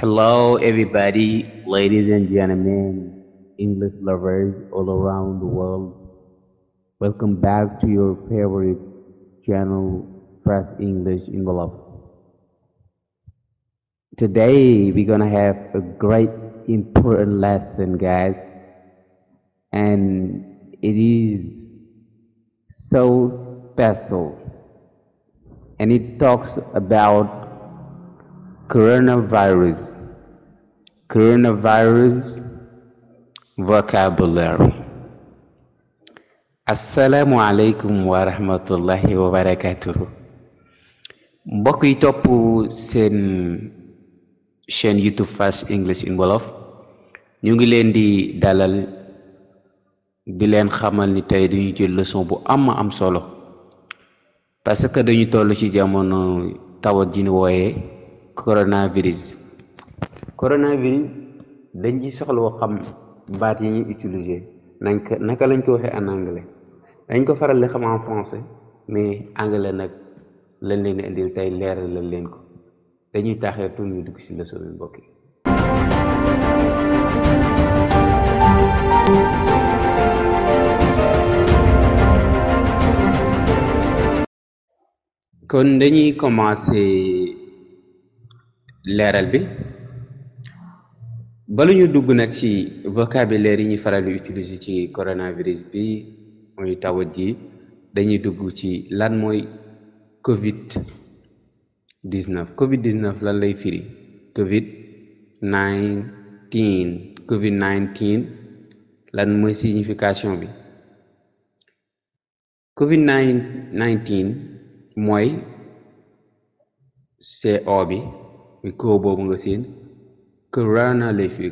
Hello, everybody, ladies and gentlemen, English lovers all around the world. Welcome back to your favorite channel, Press English Envelope. Today, we're gonna have a great important lesson, guys, and it is so special, and it talks about coronavirus coronavirus vocabulary assalaamu aleykum wa rahmatullahi wa mbokk yi topp seen chaîne youtube fast english in wolof ñu ngi leen di dalal di leen xamal ni tey duñu jël leçon bu am am solo parce que dañu toll ci jamono tawat ji ñu wooyee coronavirus coronavirus dañ ci soxlawoo xam baat yi ñuy utiliser nañ naka lañ ko waxee an anglais dañ ko faral di xam en français mais anglais nag lañ leen indil tey leeral lañ leen ko dañuy taaxee tuuti ñu dugg si leçon bi mbokk yi kon dañuy commencer leeral bi balu ñu dugg nag ci vocabulaire yi ñu faral di utiliser ci coronavirus bi muy tawat ji dañuy dugg ci lan mooy covid 19 covid 19 lan lay firi covid 19 covid 19 lan mooy signification bi covid 19 mooy CO bi muy ko nga seen corona lay firi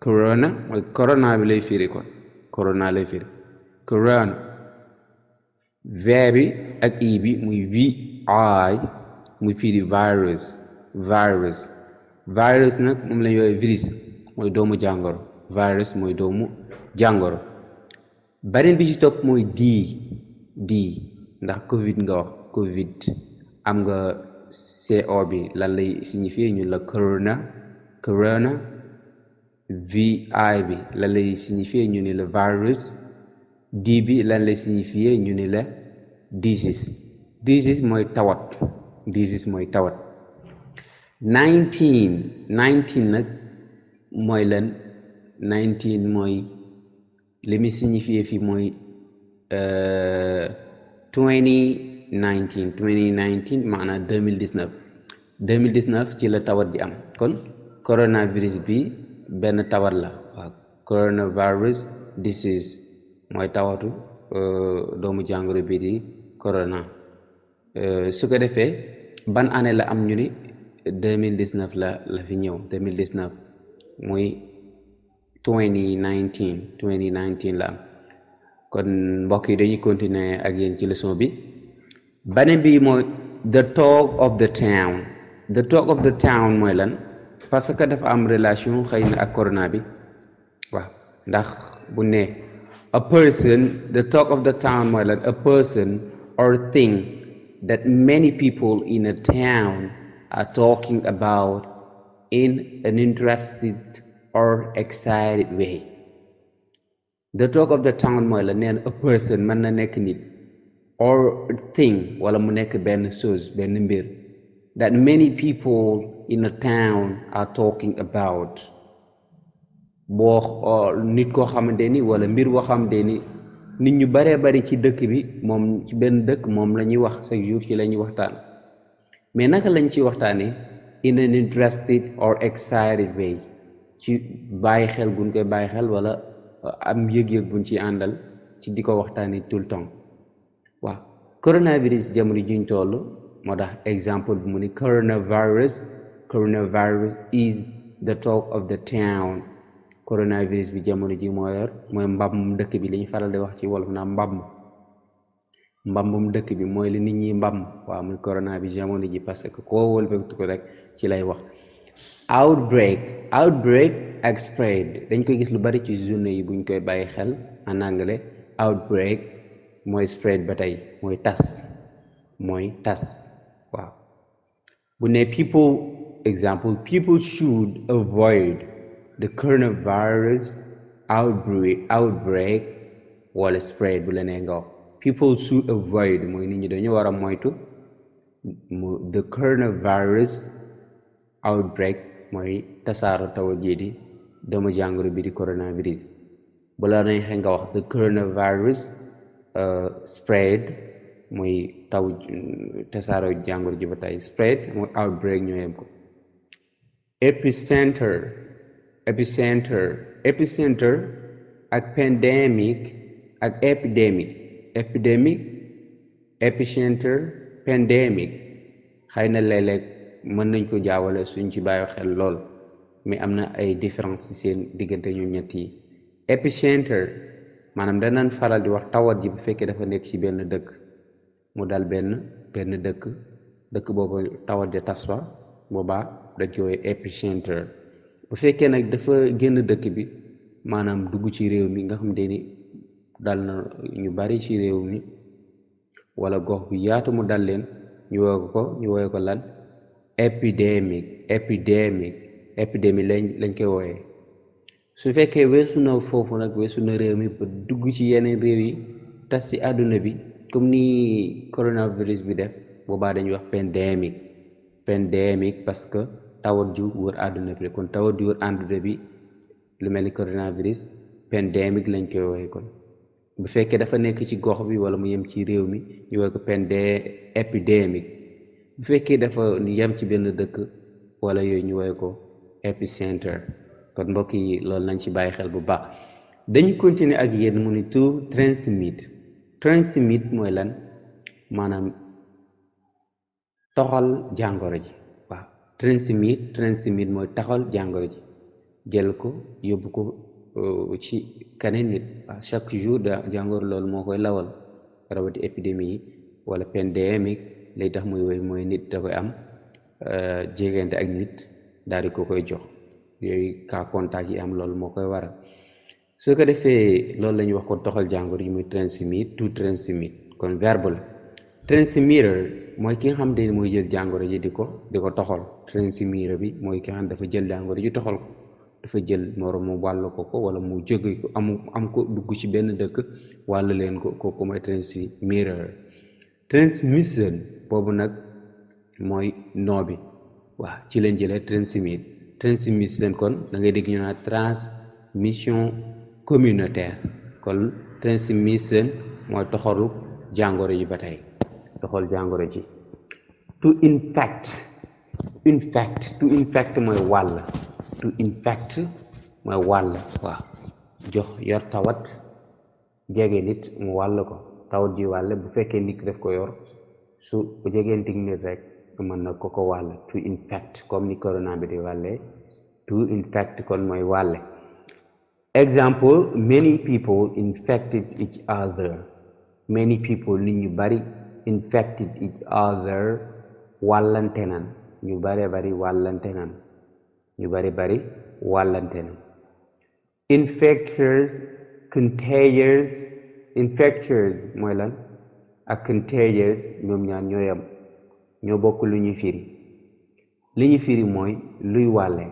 corona mooy corona bi lay firi ko corona lay firi corona verbi ak e i bi muy vi ay muy firi virus virus virus nag moom lañ yooye virus mooy doomu jàngoro virus mooy doomu jàngoro beneen bi ci mooy dii dii ndax covid nga wax covid am nga CO bi lan lay signifier ñu la corona corona VI bi lan lay signifier ñu ni la virus D bi lan lay signifier ñu ni la disease mooy tawat disease mooy tawat nineteen nineteen nag mooy lan nineteen mooy li muy signifier fii mooy euh, twenty nineteen twenty nineteen maanaam deux mille dix neuf deux mille dix neuf ci la tawat ji am kon coronavirus bi benn tawat la waaw coronavirus disease mooy tawatu euh, doomu jàngoro bi di corona euh, su ko defee ban année la am ñu ni mille dix neuf la la fi ñëw deux mille dix neuf muy twenty nineteen twenty nineteen la am kon mbokk yi dañuy continuer ak yéen ci leçon bi. beneen bi mooy the talk of the town the talk of the town mooy lan parce que dafa am relation xëy na ak corona bi waaw ndax bu ne a person the talk of the town mooy lan a person or thing that many people in a town are talking about in an interested or excited way the talk of the town mooy lan a person mën na nekk nit or thing wala mu nekk benn chose benn mbir that many people in a town are talking about boo uh, nit koo xamante ni wala mbir boo xamante ni nit ñu baree bari ci dëkk bi moom ci benn dëkk moom la ñuy wax chaque jour ci la ñuy waxtaan mais naka lañ ci waxtaanee in an interested or excited way ci bàyyi xel buñ koy bàyyi xel wala uh, am yëg-yëg buñ ci àndal ci di ko waxtaanee tout le temps waaw coronavirus jamono juñ toll moo tax exemple bu mu ni coronavirus coronavirus is the talk of the town coronavirus bi jamono ji moo yor mooy dëkk bi lañuy faral di wax ci wolof naa mbàmm mbàmmum dëkk bi mooy li nit ñi mbàmm waa muy corona bi jamono ji parce que koo wëlbatu ko rek ci lay wax outbreak outbreak ak dañ koy gis lu bari ci journée yi buñ koy bàyyi xel en anglais outbreak mooy spread ba tey mooy tas mooy tas waaw bu ne people example people should avoid the coronavirus outbreak wala spread bu la nee nga wax people should avoid mooy nit ñi dañu war a moytu the coronavirus outbreak mooy tasaaro tawa jii di doomu jàngoro bi di coronavirus bu coronavirus spread muy taw tasaaroo jàngoro ji ba tey spread muy outbreak ñu yem ko epicenter epicenter epicenter ak pandemic ak epidemic epidemic epicenter pandemic xëy na léeg-léeg mën nañ ko jaawale suñ ci bàyyi xel lool mais am na ay différence ci seen diggante ñu ñett yi maanaam danaan faral di wax tawat ji bu fekkee dafa nekk ci benn dëkk mu dal benn benn dëkk dëkk boobu tawat ja tas fa boobaa dañ koy épicentre bu fekkee nag dafa génn dëkk bi maanaam dugg ci réew mi nga xam te ni dal na ñu bari ci réew mi wala gox bu yaatu mu dal leen ñu woy ko ñu woy ko lan épidémique épidémique épidémie lañ lañ koy wooyee su fekkee weesu na foofu nag weesu na réew mi ba dugg ci yeneen réew yi tas ci àdduna bi comme ni coronavirus bi def boobaa dañuy wax pandémique pandémique parce que tawat ju wër àdduna bi kon tawat ju wër àdduna bi lu mel ni coronavirus pandémique lañ koy woowee kon bu fekkee dafa nekk ci gox bi wala mu yem ci réew mi ñu woowee ko pandé épidémique bu fekkee dafa yem ci benn dëkk wala yooyu ñu woowee ko épicentre kon mbokk yi loolu nañ ci bàyyi xel bu baax dañ continuer ak yéen mu ni to transmit transmit mooy lan maanaam toxal jàngoro ji waaw transmit transmit mooy taxal jàngoro ji jël ko yóbbu ko euh, ci keneen nit waaw chaque jour da jàngoro loolu moo koy lawal rawati épidémie yi wala pandémique lay tax mooy woy mooy nit da koy am euh, jegente ak nit daal di ko koy jox yooyu cas contact yi am loolu moo koy waral soo ko defee loolu lañuy wax ko toxal jàngoro yi muy transmit to transmit kon verbe la transmitter mooy ki nga xam ne mooy jël jàngoro ji di ko di ko toxal transmitter bi mooy ki dafa jël jàngoro ji toxal dafa jël moroom mu wàll ko ko wala mu jóge ko am ko dugg ci benn dëkk wàll leen ko kooku mooy transmitter transmission boobu nag mooy noo bi waaw ci leen jëlee transmit transmission kon da ngay dégg ñu naan transmission communautaire kon transmission mooy toxalu jàngoro ji ba tey toxal jàngoro ji to infect infect to infect mooy wàll mooy wàll waaw jox yor tawat jege nit mu wàll ko tawat ji wàll bu fekkee nit daf ko yor su bu jegeen nit rek mën na ko ko wàll to infect comme ni corona bi di wàlle to infect kon mooy wàlle example many people infected each other many people nit ñu bari infected each other wàllante nan ñu bari bari wàllante nan ñu bari bari wàllante nan infectious mooy lan ak contagious ñoom ñaar ñooyam ñoo bokk lu ñuy firi li ñu firi mooy luy wàlle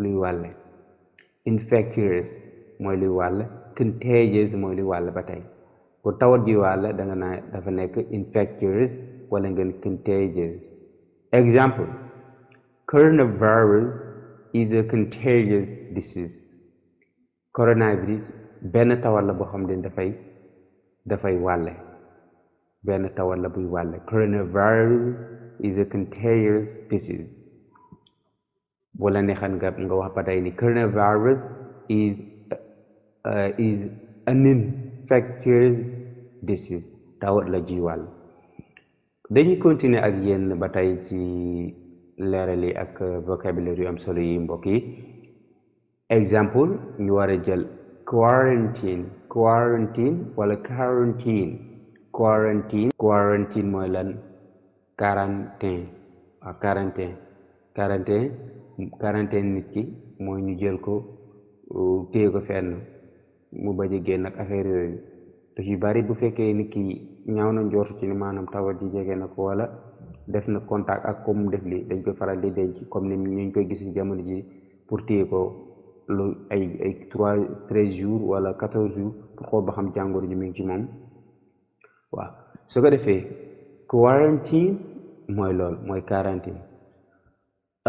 luy wàlle infectious mooy luy wàlle contagious mooy luy wàlle ba tey bu tawat ji wàlle da nga naa dafa nekk infectious wala ngeen contagious example coronavirus is a contagious disease coronavirus benn tawat la boo xam ne dafay dafay wàlle benn tawat la buy wàlle coronavirus is a contagious disease bu la nga wax ba tey ni coronavirus is uh, an infectious disease tawat la jiwal wàll dañuy continuer ak yenn ba tay ci leeral yi ak vocabulaire am solo yi mbokk yi exemple ñu war a jël quarantine quarantine wala quarantine quarantine quarantine mooy lan quarantaine waaw ah, quarantaine quarantaine nit ki mooy ñu jël ko uh, téye ko fenn mu bañ a génn ak affaire yooyu te yu bari bu fekkee nit ki ñaaw na njortu ci ni maanaam tawal ji jege na ko wala def na contact ak comme def li dañ koy faral di denc comme ni ñu koy gis jamono ji pour téye ko lu ay trois treize jours wala quatorze jours pour xool ba xam jàngoro ji mi ngi ci moom waaw su ko defee quarantine mooy loolu mooy quarantine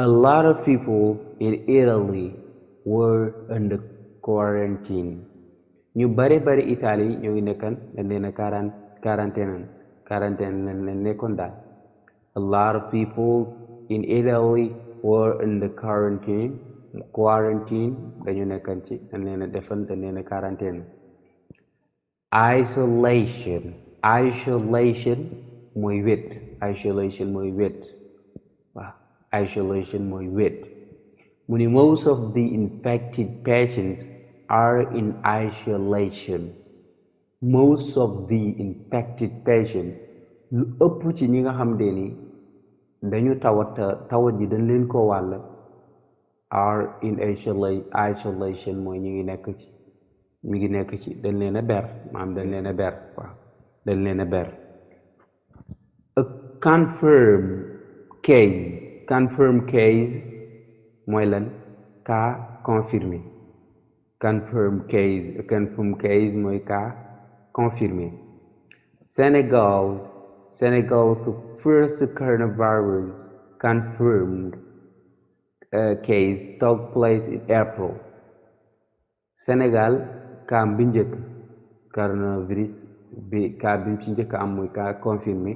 a lot of people in Italy were under quarantine ñu bare bare Italie ñu ngi nekkan dañ leen a quarantaine quarantaine nekkoon daal a lot of people in Italy were under quarantine quarantine dañu nekkan ci dañ leen a defal dañ leen isolation isolation mooy wét isolation mooy wét waaw isolation mooy wét mu ni most of the infected patients are in isolation most of the infected patients lu ëpp ci ñi nga xam de ni dañu tawat tawat ji dañ leen ko wàll are in isolation mooy ñu ngi nekk ci ñu ngi nekk ci dañ leen a ber maanaam dañ leen a ber dañ leen a ber a confirm case confirm case mooy lan cas confirmé confirm case a confirm case mooy cas confirmé Senegal Senegal's first coronavirus confirmed uh, case took place in April Senegal kaam bi njëkk bi cas bi ci njëkk am muy cas confirmé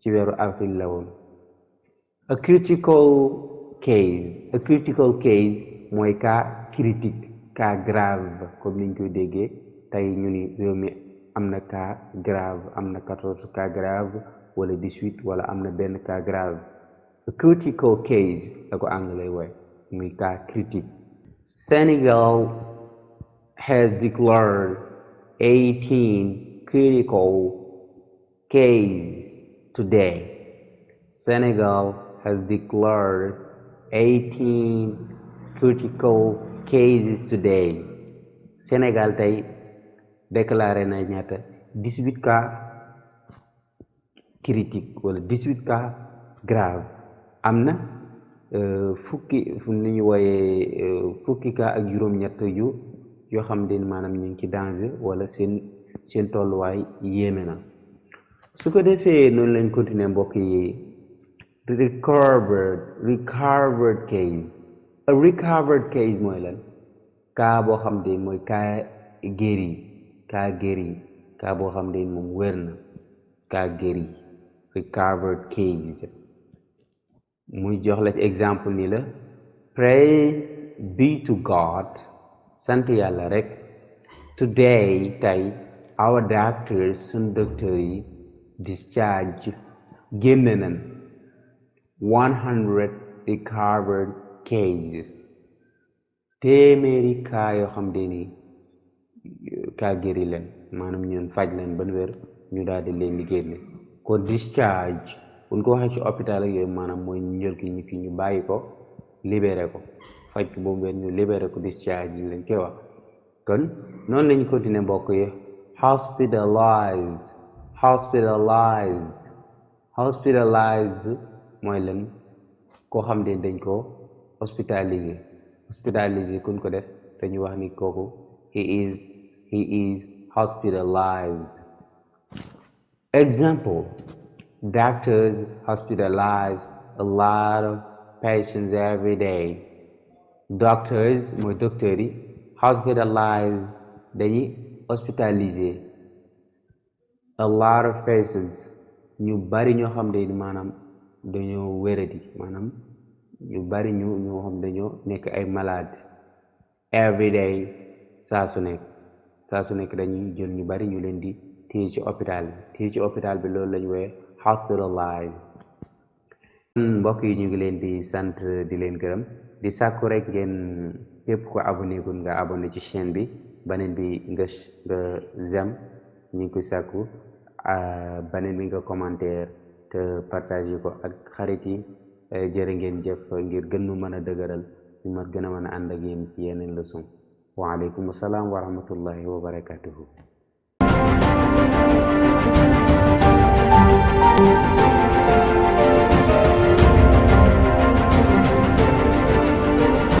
ci weeru avril la woon a critical case a critical case mooy cas critique cas grave comme niñ koy déggee tey ñu ni réew mi am na cas grave am na quatorze grave wala dix wala am na benn cas grave a critical case la ko anglais wooy muy cas critique Senegal has declared 18 critical cases today. Senegal has declared 18 critical cases today. senegal tey déclaré na ñaata 18 cas critiques wala 18 cas graves am na euh, fukki fu ñu wooyee euh, fukki cas ak juróom-ñett yu. yoo xam ne maanam ñu ngi ci danger wala seen seen tolluwaay yéeme na su ko defee noonu lañ continuer mbokk yi recovered recovered case recovered case mooy lan kaa boo xam ne mooy kaa guéri kaa guéri kaa boo xam ne moom wér na kaa guéri recovered case muy jox la ci exemple nii la praise be to God sant yàlla rek today tey our doctors sun docteurs yi discharge génne nañ one hundred recovered cases téeméeri cas yoo xam te ni cas guéri leen maanaam ñun faj leen ban wér ñu daal di leen di génne kon discharge buñ ko waxee ci hôpital ak maanaam mooy ñu jël ñu fi bàyyi ko libéré ko faj bu benn ñu libéré ko discharge lañ koy wax kon noonu lañ continuer mbokk yi hospitalized hospitalized hospitalized mooy lan koo xam ne dañ ko hospitalisé hospitalisé kuñ ko def dañu wax ni kooku he is he is hospitalized example doctors hospitalize a lot of patients every day docteurs mooy docteurs yi hospitalize dañuy hospitaliser a of patients ñu bari ñoo xam ne maanaam dañoo wéradi maanaam ñu bari ñu ñoo xam dañoo nekk ay malade every day saa su nekk saa su nekk dañuy jël ñu bari ñu leen di ci hopital bi téye ci hôpital bi loolu lañu woowe hospitalize mbokk yi ñu ngi leen di sant di leen gërëm di sàkku rek ngeen képp ko abonné gun nga abonné ci chaîne bi beneen bi nga nga j'aime ñu ngi koy sàkku beneen bi nga commentaire te partagé ko ak xarit yi euh, jërë ngeen jëf ngir gën nu mën a dëgëral ñu ma gën a mën a ànd ak yéen ci yeneen leçon waaleykum salaam wa rahmatullahi wa barakatuhu